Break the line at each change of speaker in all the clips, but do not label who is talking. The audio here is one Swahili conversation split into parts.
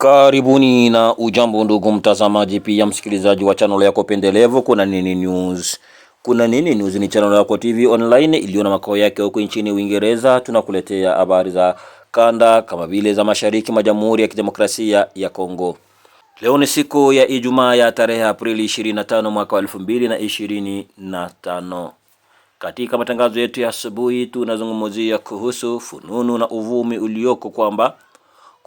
Karibuni na ujambo ndugu mtazamaji, pia msikilizaji wa channel yako pendelevu Kuna Nini News. Kuna Nini News ni channel yako TV online iliyo na makao yake huko nchini Uingereza. Tunakuletea habari za kanda kama vile za mashariki mwa Jamhuri ya Kidemokrasia ya Kongo. Leo ni siku ya Ijumaa ya tarehe Aprili 25 mwaka wa 2025. Katika matangazo yetu ya asubuhi tunazungumzia kuhusu fununu na uvumi ulioko kwamba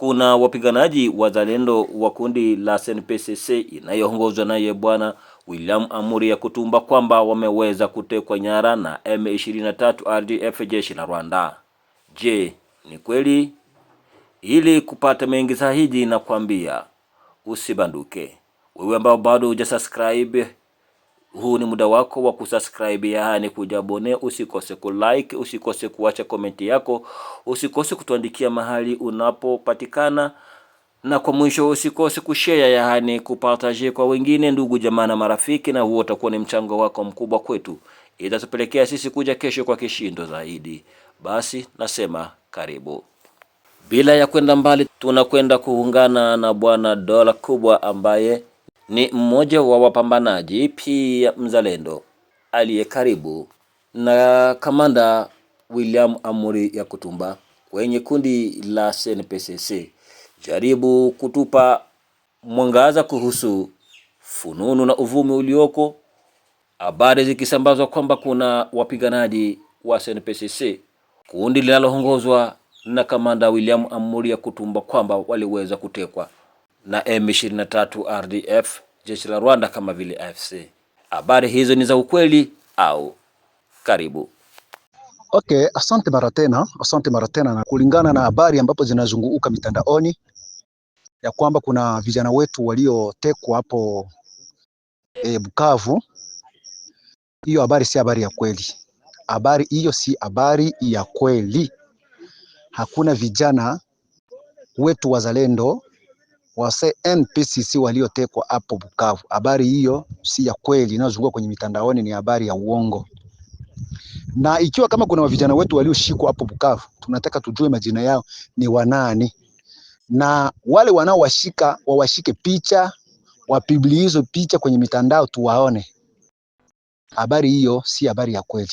kuna wapiganaji wazalendo wa kundi la SNPCC inayoongozwa naye Bwana William Amuri ya Kutumba kwamba wameweza kutekwa nyara na M23 RDF jeshi la Rwanda. Je, ni kweli? Ili kupata mengi zaidi, nakwambia usibanduke wewe ambao bado hujasubscribe huu ni muda wako wa kusubscribe, yaani kujabone. Usikose like, usikose kuacha komenti yako, usikose kutuandikia mahali unapopatikana, na kwa mwisho usikose kushare, yaani kupartaje kwa wengine, ndugu jamaa na marafiki, na huo utakuwa ni mchango wako mkubwa kwetu, itatupelekea sisi kuja kesho kwa kishindo zaidi. Basi nasema karibu. Bila ya kwenda mbali, tunakwenda kuungana na bwana Dola Kubwa ambaye ni mmoja wa wapambanaji pia mzalendo aliye karibu na kamanda William Amuri ya kutumba wenye kundi la snpcc jaribu kutupa mwangaza kuhusu fununu na uvumi ulioko, habari zikisambazwa kwamba kuna wapiganaji wa snpcc kundi linaloongozwa na kamanda William Amuri ya kutumba kwamba waliweza kutekwa na M23 RDF, jeshi la Rwanda kama vile AFC. Habari hizo ni za ukweli au? Karibu.
Okay, asante mara tena, asante mara tena. Na kulingana na habari ambapo zinazunguka mitandaoni ya kwamba kuna vijana wetu waliotekwa hapo e, Bukavu, hiyo habari si habari ya kweli. Habari hiyo si habari ya kweli. Hakuna vijana wetu wazalendo wa NPCC waliotekwa hapo Bukavu. Habari hiyo si ya kweli, inayozunguka kwenye mitandaoni, ni habari ya uongo. Na ikiwa kama kuna vijana wetu walioshikwa hapo Bukavu, tunataka tujue majina yao ni wanani, na wale wanaowashika wawashike picha, wapibli hizo picha kwenye mitandao tuwaone. Habari hiyo si habari ya kweli,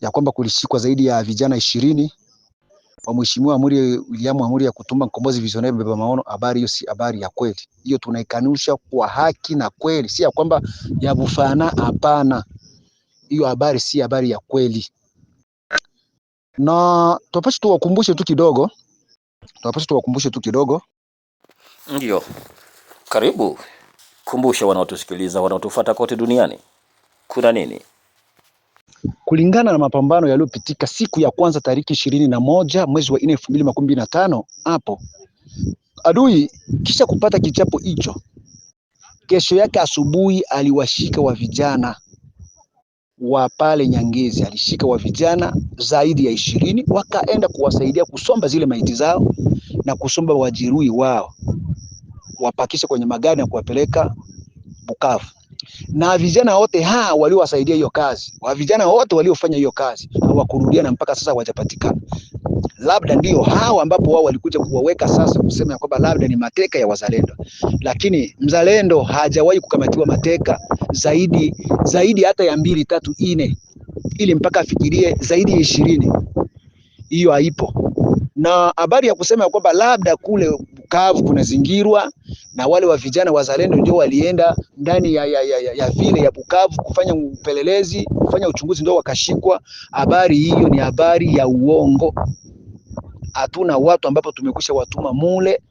ya kwamba kulishikwa zaidi ya vijana ishirini wa mheshimiwa Amuri William Amuri ya Kutumba Mkombozi Visionnaire Mbeba Maono, habari hiyo si habari ya kweli. Hiyo tunaikanusha kwa haki na kweli, si ya kwamba ya bufana. Hapana, hiyo habari si habari ya kweli, na tunapaswa tuwakumbushe tu kidogo, tunapaswa tuwakumbushe tu kidogo.
Ndio, karibu kumbusha wanaotusikiliza, wanaotufuata kote duniani, kuna nini?
Kulingana na mapambano yaliyopitika siku ya kwanza tariki ishirini na moja mwezi wa nne elfu mbili makumi mbili na tano hapo adui kisha kupata kichapo hicho, kesho yake asubuhi aliwashika wa vijana wa pale Nyangezi, alishika wa vijana zaidi ya ishirini, wakaenda kuwasaidia kusomba zile maiti zao na kusomba wajeruhi wao, wapakisha kwenye magari na kuwapeleka Bukavu na vijana wote ha waliowasaidia hiyo kazi, wa vijana wote waliofanya hiyo kazi hawakurudia na mpaka sasa, hawajapatikana. Labda ndio hao ambapo wao walikuja kuwaweka sasa, kusema ya kwamba labda ni mateka ya wazalendo, lakini mzalendo hajawahi kukamatiwa mateka zaidi zaidi hata ya mbili tatu ine, ili mpaka afikirie zaidi ya ishirini. Hiyo haipo. Na habari ya kusema ya kwamba labda kule Bukavu kunazingirwa na wale wa vijana wazalendo ndio walienda ndani ya, ya, ya, ya vile ya Bukavu kufanya upelelezi kufanya uchunguzi, ndio wakashikwa. Habari hiyo ni habari ya uongo. Hatuna watu ambapo tumekusha watuma mule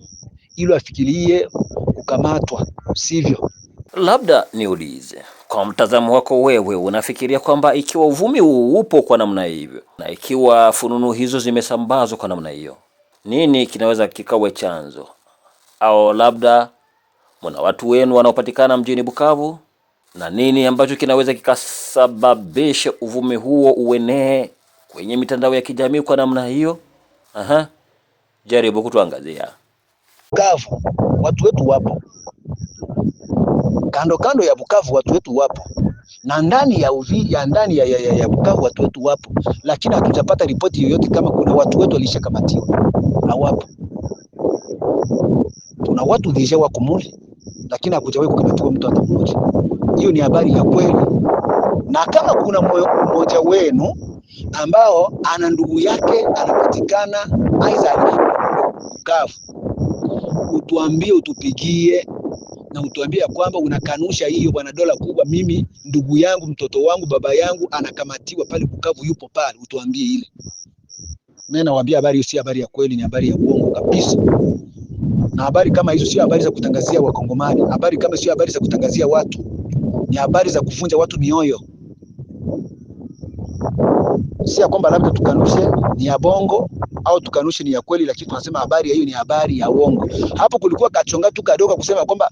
ili wafikirie kukamatwa, sivyo?
Labda niulize kwa mtazamo wako wewe, unafikiria kwamba ikiwa uvumi huu upo kwa namna hivyo na ikiwa fununu hizo zimesambazwa kwa namna hiyo, nini kinaweza kikawe chanzo au labda Mbona watu wenu wanaopatikana mjini Bukavu? Na nini ambacho kinaweza kikasababisha uvumi huo uenee kwenye mitandao ya kijamii kwa namna hiyo? Aha. Jaribu kutuangazia.
Bukavu watu wetu wapo, kando kando ya Bukavu watu wetu wapo, na ndani ya uvi, ya ndani ya, ya, ya, ya Bukavu watu wetu wapo, lakini hatujapata ripoti yoyote kama kuna watu wetu walishakamatiwa. Hawapo, tuna watu deja wakumuli lakini hakujawahi kukamatiwa mtu hata mmoja. Hiyo ni habari ya kweli, na kama kuna mmoja wenu ambao ana ndugu yake anapatikana aidha Bukavu, utuambie, utupigie na utuambie ya kwamba unakanusha hiyo bwana dola kubwa. Mimi ndugu yangu, mtoto wangu, baba yangu anakamatiwa pale Bukavu, yupo pale, utuambie ile. Mimi nawaambia habari hiyo si habari ya kweli, ni habari ya uongo kabisa na habari kama hizo sio habari za kutangazia Wakongomani. Habari kama sio habari za kutangazia watu, ni habari za kuvunja watu mioyo. Si ya kwamba labda tukanushe ni ya bongo au tukanushe ni ya kweli, lakini tunasema habari hiyo ni habari ya uongo. Hapo kulikuwa kachonga tu kadogo kusema kwamba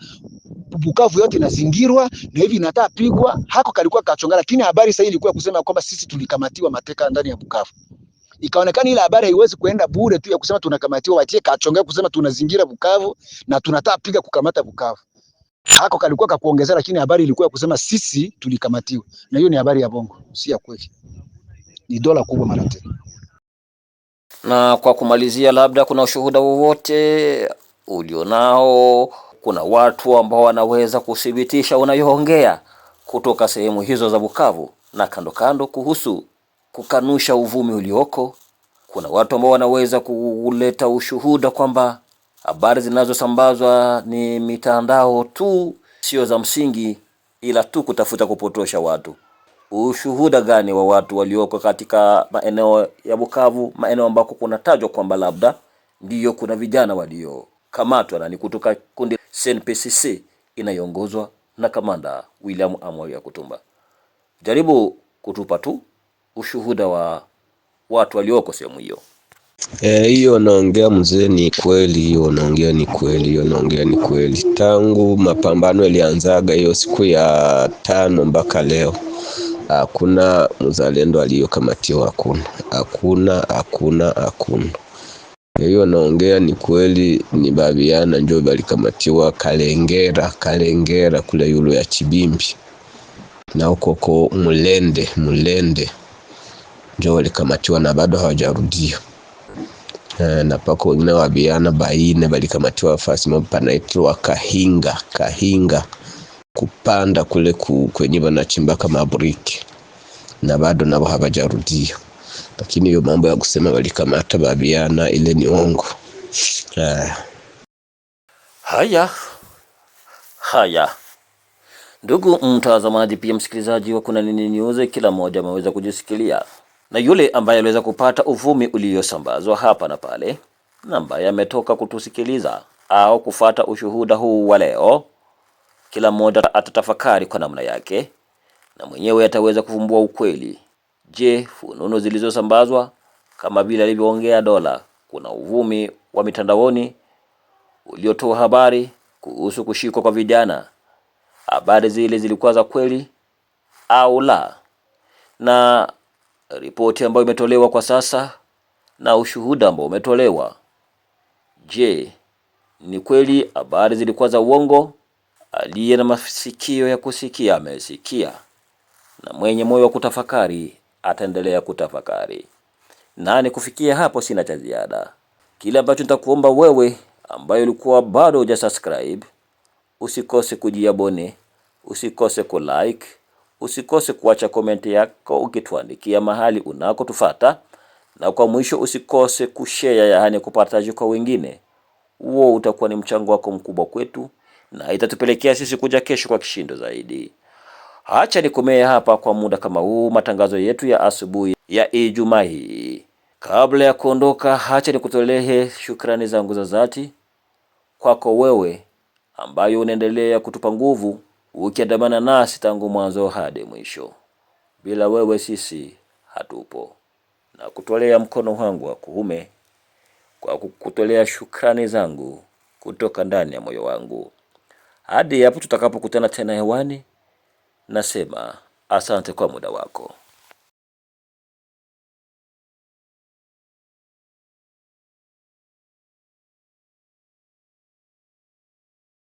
Bukavu yote inazingirwa na hivi inataka pigwa, hako kalikuwa kachonga, lakini habari sasa ilikuwa kusema kwamba sisi tulikamatiwa mateka ndani ya Bukavu ikaonekana ile habari haiwezi kuenda bure tu ya kusema tunakamatiwa, watie kachongea kusema tunazingira Bukavu na tunataka piga kukamata Bukavu. Hako kalikuwa kakuongezea, lakini habari ilikuwa kusema sisi tulikamatiwa, na hiyo ni habari ya bongo, si ya kweli. Ni dola kubwa mara tena.
Na kwa kumalizia, labda kuna ushuhuda wowote ulionao? Kuna watu ambao wanaweza kuthibitisha unayoongea kutoka sehemu hizo za Bukavu na kando kando kuhusu kukanusha uvumi ulioko. Kuna watu ambao wanaweza kuleta ushuhuda kwamba habari zinazosambazwa ni mitandao tu, sio za msingi, ila tu kutafuta kupotosha watu. Ushuhuda gani wa watu walioko katika maeneo ya Bukavu, maeneo ambako kunatajwa kwamba labda ndiyo kuna vijana waliokamatwa na ni kutoka kundi CNPCC inayoongozwa na kamanda William ya Kutumba? Jaribu kutupa tu ushuhuda wa watu walioko sehemu hiyo.
Eh, hiyo e, naongea mzee, ni kweli hiyo naongea, ni kweli hiyo naongea, ni kweli. Tangu mapambano yalianzaga hiyo siku ya tano mpaka leo hakuna mzalendo aliyokamatiwa, hakuna, hakuna, hakuna, hakuna. Eh, hiyo naongea ni kweli, ni babiana njo balikamatiwa Kalengera, Kalengera kule yulo ya Chibimbi na ukoko Mulende, Mulende njo walikamatiwa na bado hawajarudia na pako wengine wa biana baine walikamatiwa fasi moja panaitwa Kahinga Kahinga kupanda kule ku, kwenye wanachimba kama mabriki na bado nabo hawajarudia, lakini hiyo mambo ya kusema walikamata babiana ile ni ongo.
Uh. Eh. Haya haya, ndugu mtazamaji, pia msikilizaji wa Kuna Nini niuze kila mmoja ameweza kujisikilia na yule ambaye aliweza kupata uvumi uliosambazwa hapa na pale na ambaye ametoka kutusikiliza au kufata ushuhuda huu wa leo, kila mmoja atatafakari kwa namna yake na mwenyewe ataweza kuvumbua ukweli. Je, fununu zilizosambazwa kama vile alivyoongea Dola, kuna uvumi wa mitandaoni uliotoa habari kuhusu kushikwa kwa vijana, habari zile zilikuwa za kweli au la? na ripoti ambayo imetolewa kwa sasa na ushuhuda ambao umetolewa. Je, ni kweli habari zilikuwa za uongo? Aliye na masikio ya kusikia amesikia, na mwenye moyo wa kutafakari ataendelea kutafakari. Na ni kufikia hapo, sina cha ziada. Kile ambacho nitakuomba wewe ambayo ulikuwa bado hujasubscribe, usikose kujiabone, usikose kulike usikose kuacha komenti yako ukituandikia mahali unakotufata, na kwa mwisho usikose kushare, yaani kupartaji kwa wengine. Huo utakuwa ni mchango wako mkubwa kwetu na itatupelekea sisi kuja kesho kwa kishindo zaidi. Acha nikomee hapa kwa muda kama huu, matangazo yetu ya asubuhi ya Ijumaa hii. Kabla ya kuondoka, acha nikutolee shukrani zangu za dhati kwako wewe ambayo unaendelea kutupa nguvu ukiandamana nasi tangu mwanzo hadi mwisho. Bila wewe sisi hatupo. Na kutolea mkono wangu wa kuume kwa kukutolea shukrani zangu kutoka ndani ya moyo wangu. Hadi hapo tutakapokutana tena hewani, nasema asante kwa muda wako.